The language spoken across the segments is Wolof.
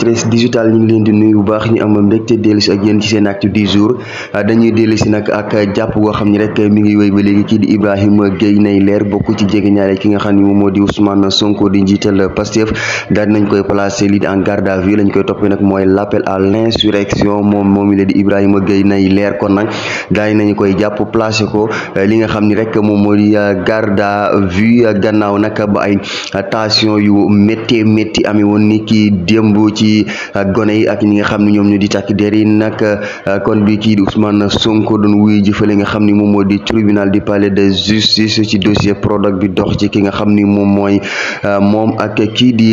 presse digitale ñu ngi di nuyu bu baax ñu am mbégte dellu si ak yéen ci seen actu du jour ah, dañuy dellu si ak jàpp goo mi ngi wéy ba léegi kii di Ibrahima Gueye nay ki nga xam ne moom moo di Ousmane Sonko di njiital Pastef daal nañ koy placé lii en garde à vue lañ koy toppee nag mooy l' l' insurrection moom moom la di Ibrahima Gueye nay leer kon nag daañu ko eh, li nga xam ni rek moom moo di eh, garde à vue gannaaw nag ba ay tension yu métti métti amee woon ni ki démb ci di gone yi ak ñi nga xam ne ñoom ñu di tàkk der yi nag euh, kon bi kii di Ousmane Sonko doon wuy jëfale nga xam ni moom moo di tribunal du palais de justice ci dossier Prodac bi dox ci ki nga xam ni moom mooy euh, moom ak kii di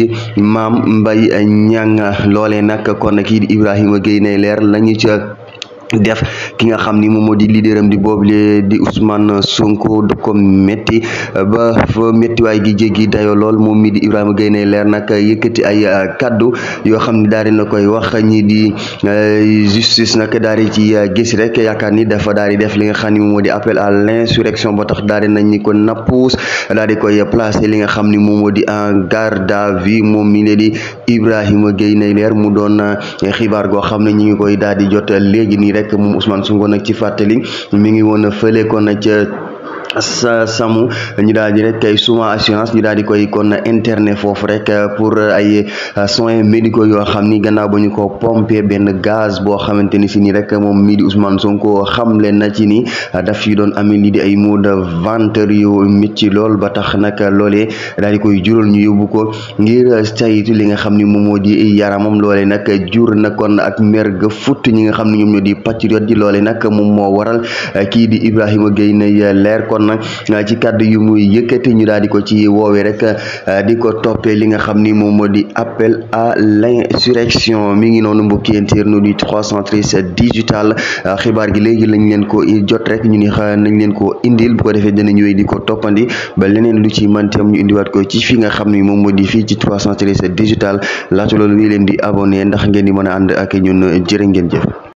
maam mbay Niang loole nag kon kii di Ibrahima Gueye ne leer lañu ca def ki nga xam ni moom moo di leaderam di boobule di Ousmane Sonko du ko métti euh, ba fa méttiwaay gi jéggi dayoo lool moom mi di Ibrahima Gueye leer nag yëkkati ay euh, kaddu yoo xam ne daal di na koy wax ñii di euh, justice nag daal di ci gis rek yaakaar ni dafa daal def li nga xam ni moo di appel à l'insurrection ba tax daal nañ ni ko nappuus daal di koy placé li nga xam ni moom moo di en garde à vue moom mi di Ibrahima Gueye leer mu doon xibaar goo xam ne ñu ngi koy daal di jot léegi nii rek moom Ousmane Sonko nag ci fàttali mi ngi woon fële kon ca Uh, samu ñu daal di rek kay suma assurance ñu daal di koy kon a internet foofu rek euh, pour euh, ay euh, soins médicaux yoo xam ni gannaaw ba ñu ko pompé benn gaz boo xamante ni si nii rek moom mii di Ousmane Sonko xam leen na ci ni daf yi doon amee lii di ay maux de ventre yu métti lool ba tax nag loolee daal koy jural ñu yóbbu ko ngir saytu li nga xam ni moom moo di yaramam loole nag jur na kon ak mer ga fut ñi nga xam ni ñoom ñoo di patriote di loolee nag moom moo waral kii di Ibrahima Gueye nay leer kon na ci kàddu yu muy yëkkati ñu daal di ko ci woowee rek eh, di ko toppee li nga xam ni moom moo di appel à l'insurrection mi ngi noonu mbokki internet di 313 digital eh, xibaar gi léegi lañ leen ko jot rek ñu ni nañ leen ko indil ko defee dinañ wéy di ko toppandi leneen lu ci manteem ñu indiwaat ko ci fi nga xam ni moom moo di fii ci 313 digital laata loolu wi leen di abonné ndax ngeen di mën a ànd ak ñun jërë ngeen jëf